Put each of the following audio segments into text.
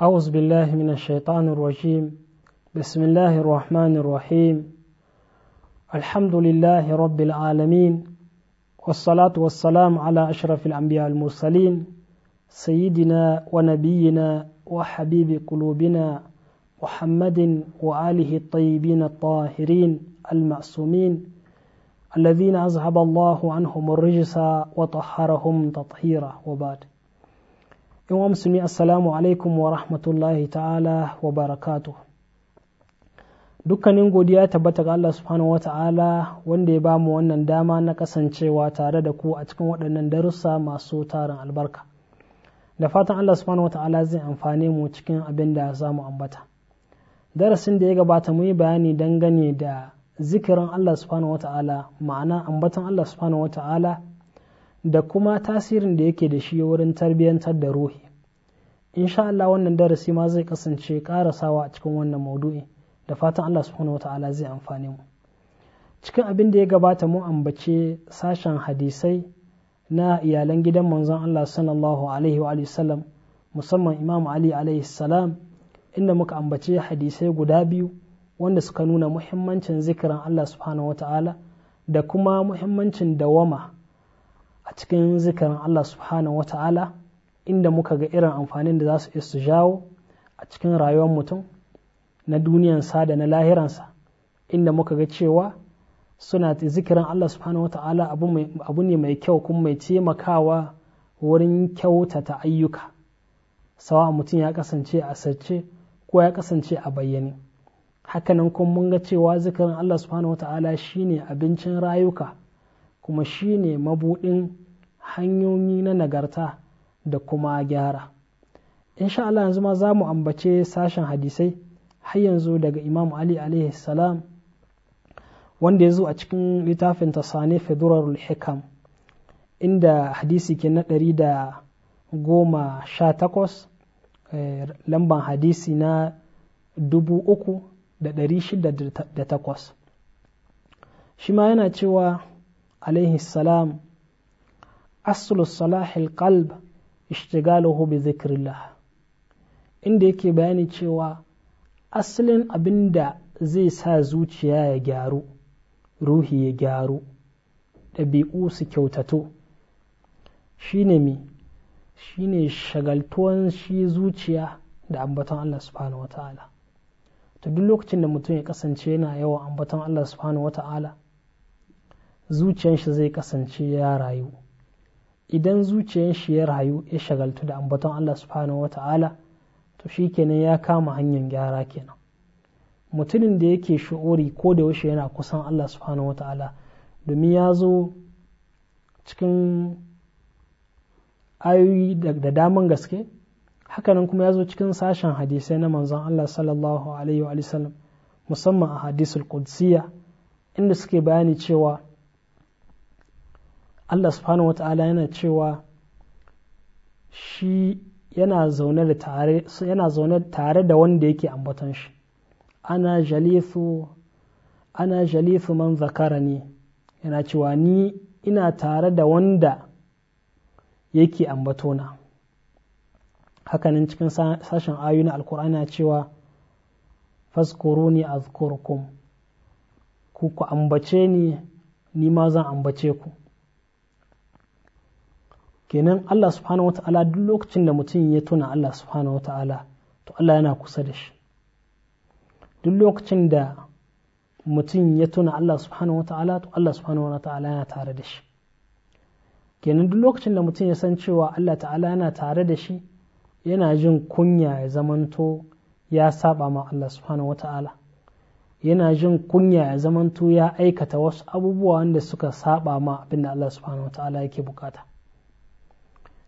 أعوذ بالله من الشيطان الرجيم بسم الله الرحمن الرحيم الحمد لله رب العالمين والصلاة والسلام على أشرف الأنبياء المرسلين سيدنا ونبينا وحبيب قلوبنا محمد وآله الطيبين الطاهرين المعصومين الذين أذهب الله عنهم الرجس وطهرهم تطهيرا وبعد in wa musulmi assalamu alaikum wa rahmatullahi ta'ala wa barakatu dukkanin godiya tabbata ga Allah subhanahu wa wanda ya bamu wannan dama na kasancewa tare da ku a cikin waɗannan darussa masu tarin albarka da fatan Allah subhanahu wa zai amfane mu cikin abin da za mu ambata darasin da ya gabata mu yi bayani dangane da zikirin Allah subhanahu wa ma'ana ambatan Allah subhanahu wa ta'ala da kuma tasirin da yake da shi wurin tarbiyyantar da ruhi insha Allah wannan darasi ma zai kasance karasawa a cikin wannan maudu'i da fatan Allah subhanahu wata'ala zai amfani mu cikin abin da ya gabata mu ambace sashen hadisai na iyalan gidan manzon Allah sallallahu alaihi wa sallam musamman Imam Ali alaihi salam inda muka ambace hadisai guda biyu wanda suka nuna muhimmancin zikirin Allah subhanahu wata'ala da kuma muhimmancin dawama a cikin zikirin Allah subhanahu wa ta'ala inda muka ga irin amfanin da za su iya jawo a cikin rayuwar mutum na duniyansa da na lahiransa inda muka ga cewa suna zikirin Allah subhanahu ta'ala abu ne mai kyau kuma mai taimakawa wurin kyautata ayyuka sawa mutum ya kasance a sace ko ya kasance a bayyane hakanan kuma mun ga cewa zikirin Allah subhanahu ta'ala shine abincin rayuka kuma shine mabudin hanyoyi na nagarta da kuma gyara insha Allah yanzu ma za mu ambace sashen hadisai har yanzu daga imam ali alaihi salam wanda ya zo a cikin littafin ta sani durarul hikam inda hadisi ke na ɗari da goma sha takwas eh, lamban hadisi na dubu uku da ɗari shida da takwas shima yana cewa alaihi salam aslu salahil qalb ishtigaluhu bi zikrillah inda yake bayani cewa asalin abin da zai sa zuciya ya gyaru ruhi ya gyaru ɗabi'u su kyautato shine mi shine shagaltuwan shi zuciya da ambaton Allah subhanahu wata'ala to duk lokacin da mutum ya kasance yana yawa ambaton Allah subhanahu wata'ala zuciyan shi zai kasance ya rayu idan zuciyar shi ya rayu ya shagaltu da ambaton Allah subhanahu wata'ala to shi kenan ya kama hanyar gyara kenan mutumin da yake shi'ori ko da yaushe yana kusan Allah subhanahu wata'ala domin ya zo cikin ayoyi da daman gaske hakanan kuma ya zo cikin sashen hadisai na manzon Allah sallallahu alaihi wa musamman a hadisul qudsiya inda suke bayani cewa Allah subhanahu wa ta'ala yana cewa shi yana zaune tare da wanda yake ambaton shi ana jalisu ana jalisu man zakara ne yana cewa ni ina tare da wanda yake ambatona hakanan cikin sashen ayu na alkur'ani na cewa faskuruni azkurkum ku ku ambace ni ni ma zan ambace ku kenan Allah subhanahu wa ta'ala duk lokacin da mutum ya tuna Allah subhanahu wa ta'ala to Allah yana kusa da shi duk lokacin da mutum ya tuna Allah subhanahu wa ta'ala to Allah subhanahu wa ta'ala yana tare da shi kenan duk lokacin da mutum ya san cewa Allah ta'ala yana tare da shi yana jin kunya ya zamanto ya saba ma Allah subhanahu wa ta'ala yana jin kunya ya zamanto ya aikata wasu abubuwa wanda suka saba ma abinda Allah subhanahu wa ta'ala yake bukata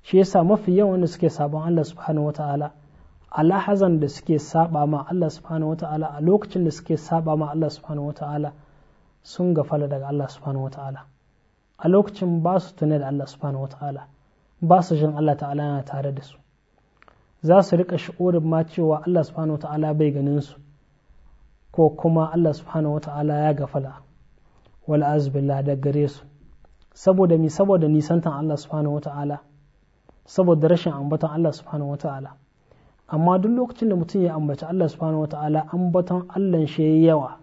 shi yasa mafi yawan da suke sabon Allah subhanahu wata'ala alahazan da suke saba ma Allah subhanahu wata'ala a lokacin da suke saba ma Allah subhanahu wata'ala sun gafala daga Allah subhanahu wata'ala a lokacin ba su tuna da Allah subhanahu wata'ala ba su jin Allah ta'ala yana tare da su za su rika shi'urin ma cewa Allah subhanahu wata'ala bai ganin su ko kuma Allah subhanahu wata'ala ya gafala wal azbillah da gare su saboda mi saboda nisantan Allah subhanahu wata'ala saboda rashin ambaton Allah subhanahu ta'ala amma duk lokacin da mutum ya ambaci Allah subhanahu ta'ala ambaton Allah shi ya yawa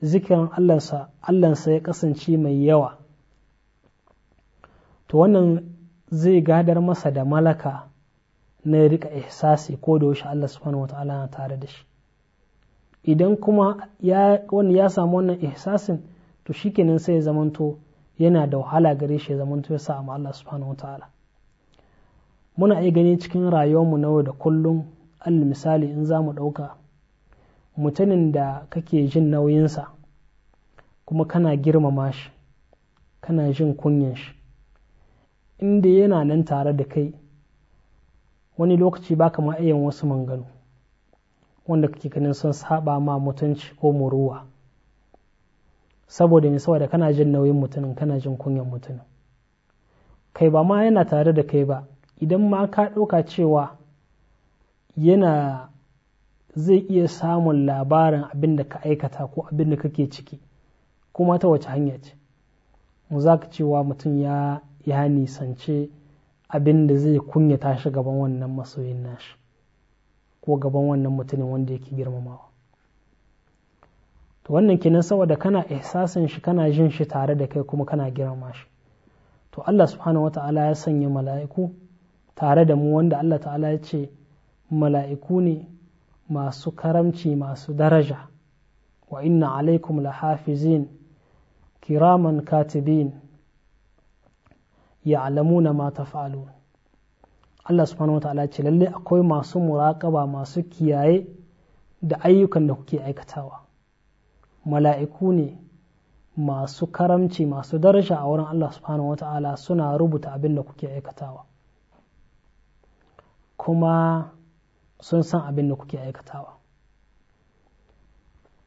zikirin Allahnsa Allahnsa ya kasance mai yawa to wannan zai gadar masa da malaka na ya rika ihsasi ko da yaushe Allah subhanahu ta'ala na tare da shi idan kuma ya wani ya samu wannan ihsasin to shikenan sai ya zamanto yana da wahala gare shi ya zamanto ya sa Allah subhanahu ta'ala muna iya gani cikin rayuwarmu na yau da kullum al misali in za mu ɗauka mutumin da kake jin nauyinsa kuma kana girmama shi kana jin kunyan shi inda yana nan tare da kai wani lokaci ba kama iyan wasu manganu wanda kake ganin sun saba ma mutunci ko muruwa saboda ne saboda kana jin nauyin mutumin kana jin kunyan mutumin kai ba ma yana tare da kai ba idan ma ka ɗauka cewa yana zai iya samun labarin abin da ka aikata ko abin da kake ciki kuma ta wace hanya ce mu za ka cewa mutum ya ya nisance abin da zai kunyata shi gaban wannan masoyin nashi ko gaban wannan mutumin wanda yake girmamawa to wannan kenan saboda kana ihsasin shi kana jin shi tare da kai kuma kana girmama shi to Allah subhanahu wata'ala ya sanya mala'iku tare da mu wanda Allah ta'ala ya ce mala'iku ne masu karamci masu daraja wa inna alaikum lahafizin kiraman katibin ya na mata taf'alun Allah subhanahu wa ta'ala ce lalle akwai masu muraƙaba masu kiyaye da ayyukan da kuke aikatawa mala'iku ne masu karamci masu daraja a wurin Allah subhanahu wa ta'ala suna rubuta abin da kuke aikatawa kuma sun san abin da kuke aikatawa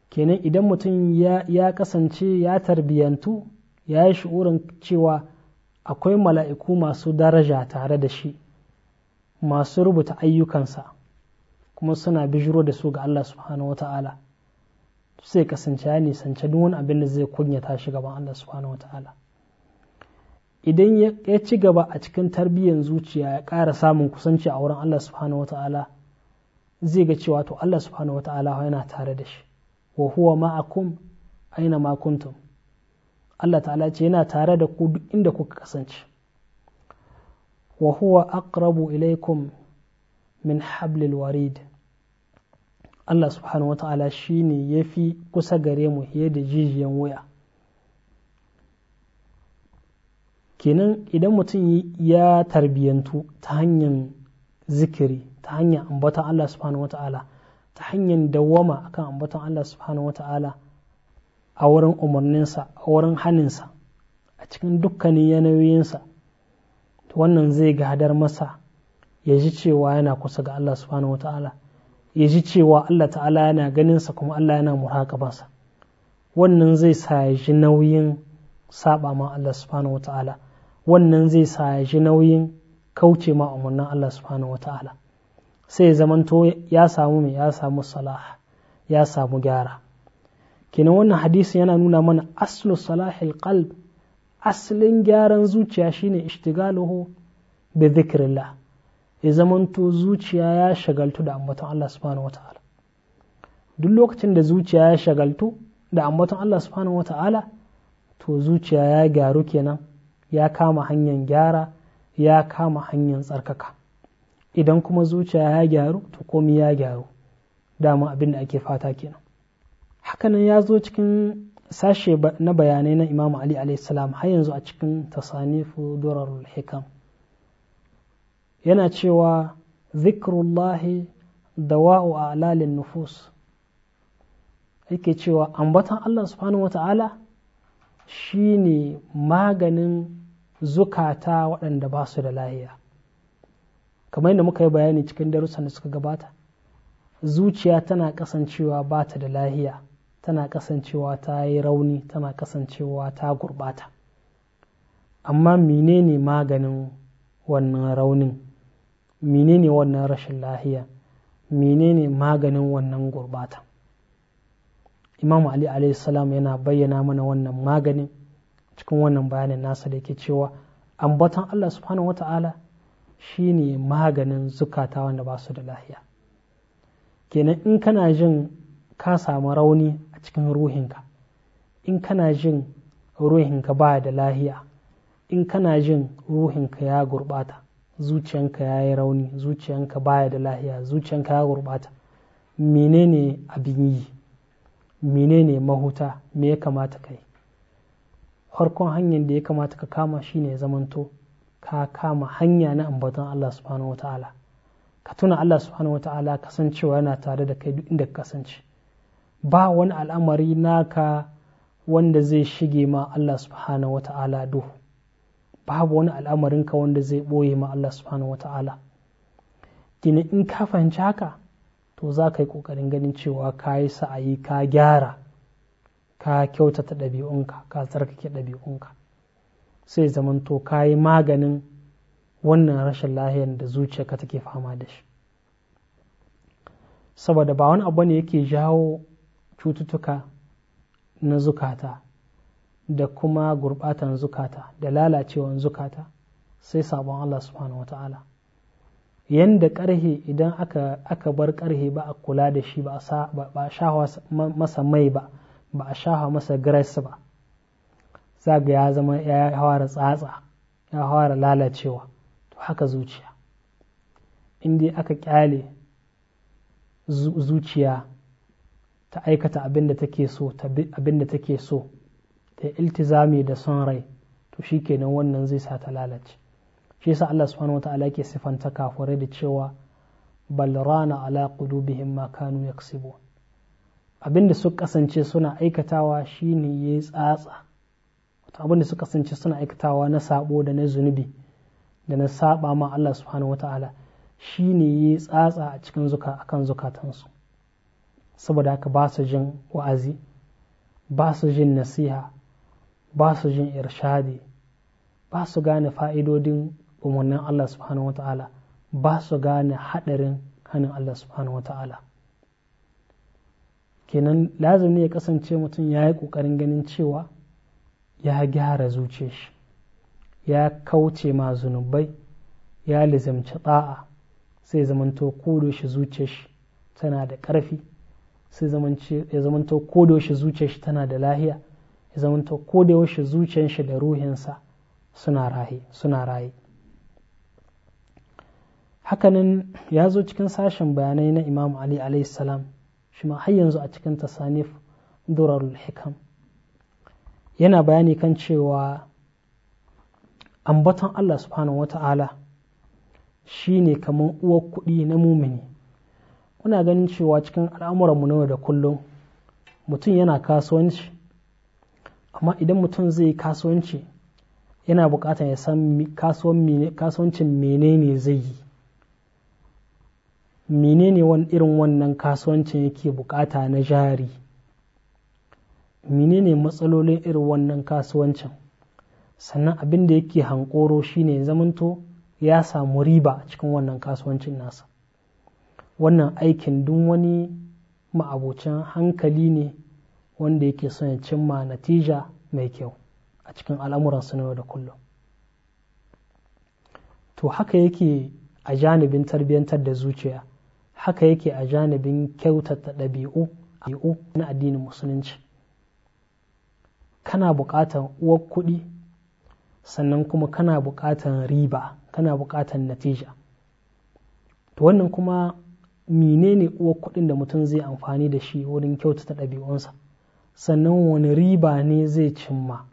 kenan idan mutum ya kasance ya tarbiyantu ya yi shi'urin cewa akwai mala'iku masu daraja tare da shi masu rubuta ayyukansa kuma suna bijiro da su ga Allah subhanahu wata'ala sai kasance ya nisance duk wani abin da zai kunyata shi gaban Allah subhanahu wata'ala idan ya ci gaba a cikin tarbiyyar zuciya ya kara samun kusanci a wurin Allah subhanahu wata'ala zai ga cewa to Allah subhanahu wata'ala yana tare da shi wa huwa ma'akum aina ma Allah ta'ala ce yana tare da ku duk inda kuka kasance wa huwa aqrabu ilaikum min hablil warid Allah subhanahu wata'ala shine yafi kusa gare mu fiye da jijiyan waya. kenan idan mutum ya tarbiyyantu ta hanyar zikiri ta hanyar ambatan Allah subhanahu wata'ala ta hanyar dawwama akan ambatan Allah subhanahu wata'ala a wurin umarninsa a wurin haninsa a cikin dukkanin yanayoyinsa to wannan zai gadar masa ya ji cewa yana kusa ga Allah subhanahu wata'ala ya ji cewa Allah ta'ala yana ganinsa kuma Allah yana muhakabansa wannan zai sa ya ji nauyin saba ma Allah subhanahu wata'ala wannan zai sa ya ji nauyin kauce ma umarnin Allah subhanahu wata'ala sai ya zamanto ya samu mai ya samu salah ya samu gyara kenan wannan hadisi yana nuna mana aslu salahil qalb asalin gyaran zuciya shine ishtigaluhu bi dhikrillah ya zamanto zuciya ya shagaltu da ambaton Allah subhanahu wata'ala duk lokacin da zuciya ya shagaltu da ambaton Allah subhanahu wata'ala to zuciya ya gyaru kenan ya kama hanyar gyara ya kama hanyar tsarkaka idan kuma zuciya ya gyaru to komi ya gyaru dama abin da ake fata kenan hakanan ya zo cikin sashe na bayanai na imamu ali salam har yanzu a cikin tasanifu durarul hikam yana cewa zikrullahi dawa'u a alalin nufus yake cewa ambatan allah subhanahu wata'ala shi ne maganin zukata waɗanda ba su da lahiya kamar yadda muka yi bayani cikin darussan da suka gabata zuciya tana kasancewa ba ta da lahiya tana kasancewa ta yi rauni tana kasancewa ta gurbata amma menene maganin wannan raunin menene wannan rashin lahiya menene maganin wannan gurbata imam ali salam yana bayyana mana wannan maganin cikin wannan bayanin nasa da yake cewa ambaton Allah subhanahu wata'ala shine maganin zukata wanda ba su da lahiya kenan in kana jin ka samu rauni a cikin ruhinka in kana jin ruhinka ba da lahiya in kana jin ruhinka ya gurbata zuciyanka ya yi rauni zuciyanka baya da lahiya zuciyanka ya gurbata menene abin yi menene mahuta me ya kamata kai farkon hanyar da ya kamata ka kama shi shine zamanto ka kama hanya na ambaton Allah subhanahu wata'ala ka tuna Allah subhanahu wata'ala kasancewa yana tare da kai duk inda ka kasance ba wani al'amari naka wanda zai shige ma Allah subhanahu wata'ala duhu babu wani al'amarinka wanda zai ɓoye ma Allah subhanahu wata'ala gina in ka fahimci haka to za ka yi ƙoƙarin ganin cewa ka yi sa'ayi ka gyara ka kyautata ɗabi'unka ka tsarkake ɗabi'unka sai zamanto ka yi maganin wannan rashin lahiyar da ka take fama da shi saboda ba wani abu ne yake jawo cututtuka na zukata da kuma gurbatan zukata da lalacewan zukata sai sabon Allah subhanahu wata'ala yanda karhe idan aka, bar karhe ba a kula da shi ba a sha masa mai ba ba a shafa masa grace ba zaga ya zama ya hawara tsatsa ya hawara lalacewa to haka zuciya inda aka kyale zuciya ta aikata abin da take so abin da take so ta iltizami da son rai to shi kenan wannan zai sa ta lalace shi yasa Allah subhanahu wataala yake sifanta kafirai da cewa balrana ala qulubihim ma kanu yaksibun abinda su kasance suna aikatawa shine ya yi tsatsa abin abinda su kasance suna aikatawa na sabo da na zunubi da na saba ma Allah subhanahu wata'ala ne ya yi tsatsa a cikin zuka akan zukatansu saboda haka ba su jin wa'azi ba su jin nasiha ba su jin irshadi ba su gane fa'idodin umarnin Allah subhanahu wata'ala ba su gane haɗarin hannun Allah subhanahu wata'ala kenan lazim ne ya kasance mutum ya yi ƙoƙarin ganin cewa ya gyara zuce shi ya kauce ma zunubai ya lizamci ɗa'a sai zamanto shi zuce shi tana da ƙarfi sai ya zamanto shi zuce shi tana da lahiya ya zamanto shi zuce shi da ruhinsa suna raye hakanan ya zo cikin sashen bayanai na imam ali alaihi salam shi ma har yanzu a cikin tasanif durarul hikam yana bayani kan cewa ambaton Allah subhanahu wata'ala shi ne kamar uwar kuɗi na mumini muna ganin cewa cikin mu na da kullum mutum yana kasuwanci amma idan mutum zai kasuwanci yana bukatar ya san kasuwancin menene zai yi menene wani irin wannan kasuwancin yake bukata na jari menene matsalolin irin wannan kasuwancin sannan abin da yake hankoro shine zamanto ya samu riba cikin wannan kasuwancin nasa wannan aikin duk wani ma'abocin hankali ne wanda yake son ya cimma natija mai kyau a cikin al'amuran na da kullum to haka yake a janibin tarbiyyantar da zuciya haka yake a janibin kyautata ɗabi'u na addinin musulunci kana buƙatar uwar kuɗi sannan kuma kana buƙatar riba kana buƙatar natija to wannan kuma menene uwar kuɗin da mutum zai amfani da shi wurin kyautata ɗabi'unsa sannan wani riba ne zai cimma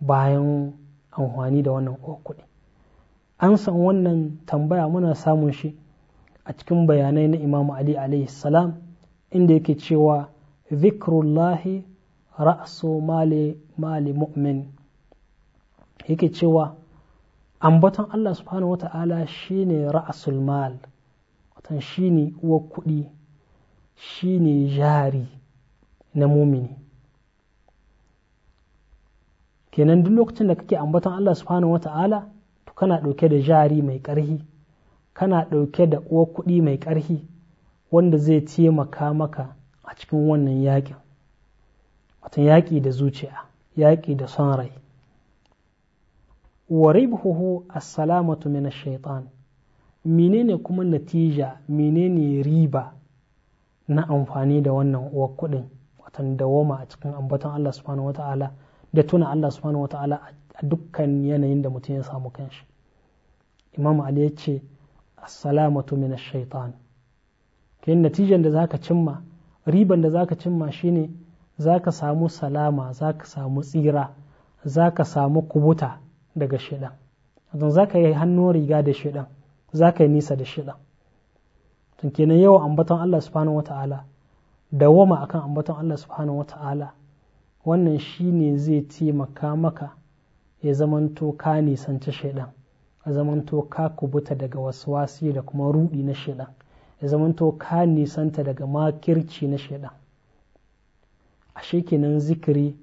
bayan amfani da wannan uwar kuɗi an san wannan tambaya muna samun shi a cikin bayanai na Imam Ali alaihi salam inda yake cewa zikrullahi ra'asu mali mali mu'min yake cewa ambaton Allah subhanahu wata'ala shine ra'sul mal watan shine uwar kuɗi shine jari na mumini kenan duk lokacin da kake ambaton Allah subhanahu wata'ala to kana ɗauke da jari mai ƙarhi? kana ɗauke da uwar kuɗi mai ƙarfi wanda zai taimaka maka a cikin wannan yaƙin watan yaƙi da zuciya yaƙi da son rai buhuhu a assalamatu min shaitan menene kuma natija menene riba na amfani da wannan uwar kuɗin watan dawoma a cikin ambaton Allah subhanahu wata'ala da tuna Allah subhanahu wata'ala a dukkan yanayin da mutum ya samu kanshi imam ali ya ce salamatu min shaitan kin natijan da zaka cimma riban da zaka cimma shine zaka samu salama zaka samu tsira zaka samu kubuta daga shaidan don zaka yi hannun riga da shaidan zaka yi nisa da shaidan tun kenan yau ambaton Allah subhanahu wata'ala dawoma akan ambaton Allah subhanahu wata'ala wannan shine zai taimaka maka ya zamanto ka nisanci shaidan a zamanto ka kubuta daga waswasi da kuma rudi na shaidan ya zamanto ka nisanta daga makirci na shaidan A shekinan zikiri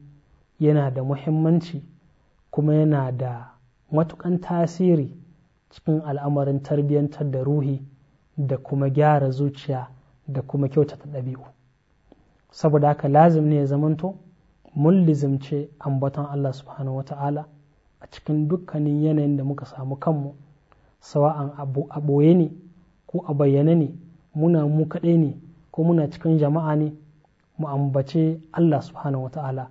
yana da muhimmanci kuma yana da matukan tasiri cikin al'amarin tarbiyyantar da ruhi da kuma gyara zuciya da kuma kyautata ɗabi'u saboda haka lazim ne ya zamanto mun lizimce ambaton Allah subhanahu wa ta'ala cikin dukkanin yanayin da muka samu kanmu sawa'an a ɓoye ne ko a bayyane ne muna mu kaɗai ne ko muna cikin jama'a ne mu ambace Allah subhanahu wata'ala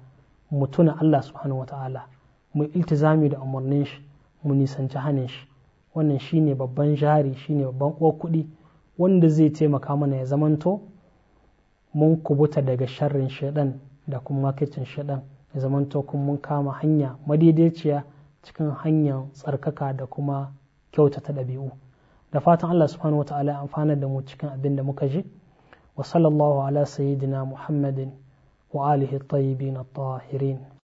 mu tuna Allah subhanahu wata'ala mu iltizami da umarnin shi mu nisanci hanin shi wannan shine babban jari shine babban uwar kuɗi wanda zai taimaka mana ya zamanto mun kubuta daga sharrin shaidan da kuma kicin shaidan ya zamanto kuma mun kama hanya madaidaiciya cikin hanyar tsarkaka da kuma kyautata ɗabi'u da fatan Allah subhanahu wata'ala ya amfana da mu cikin abin da muka ji wa sallallahu ala sayyidina muhammadin wa alihi tayyibin at-tahirin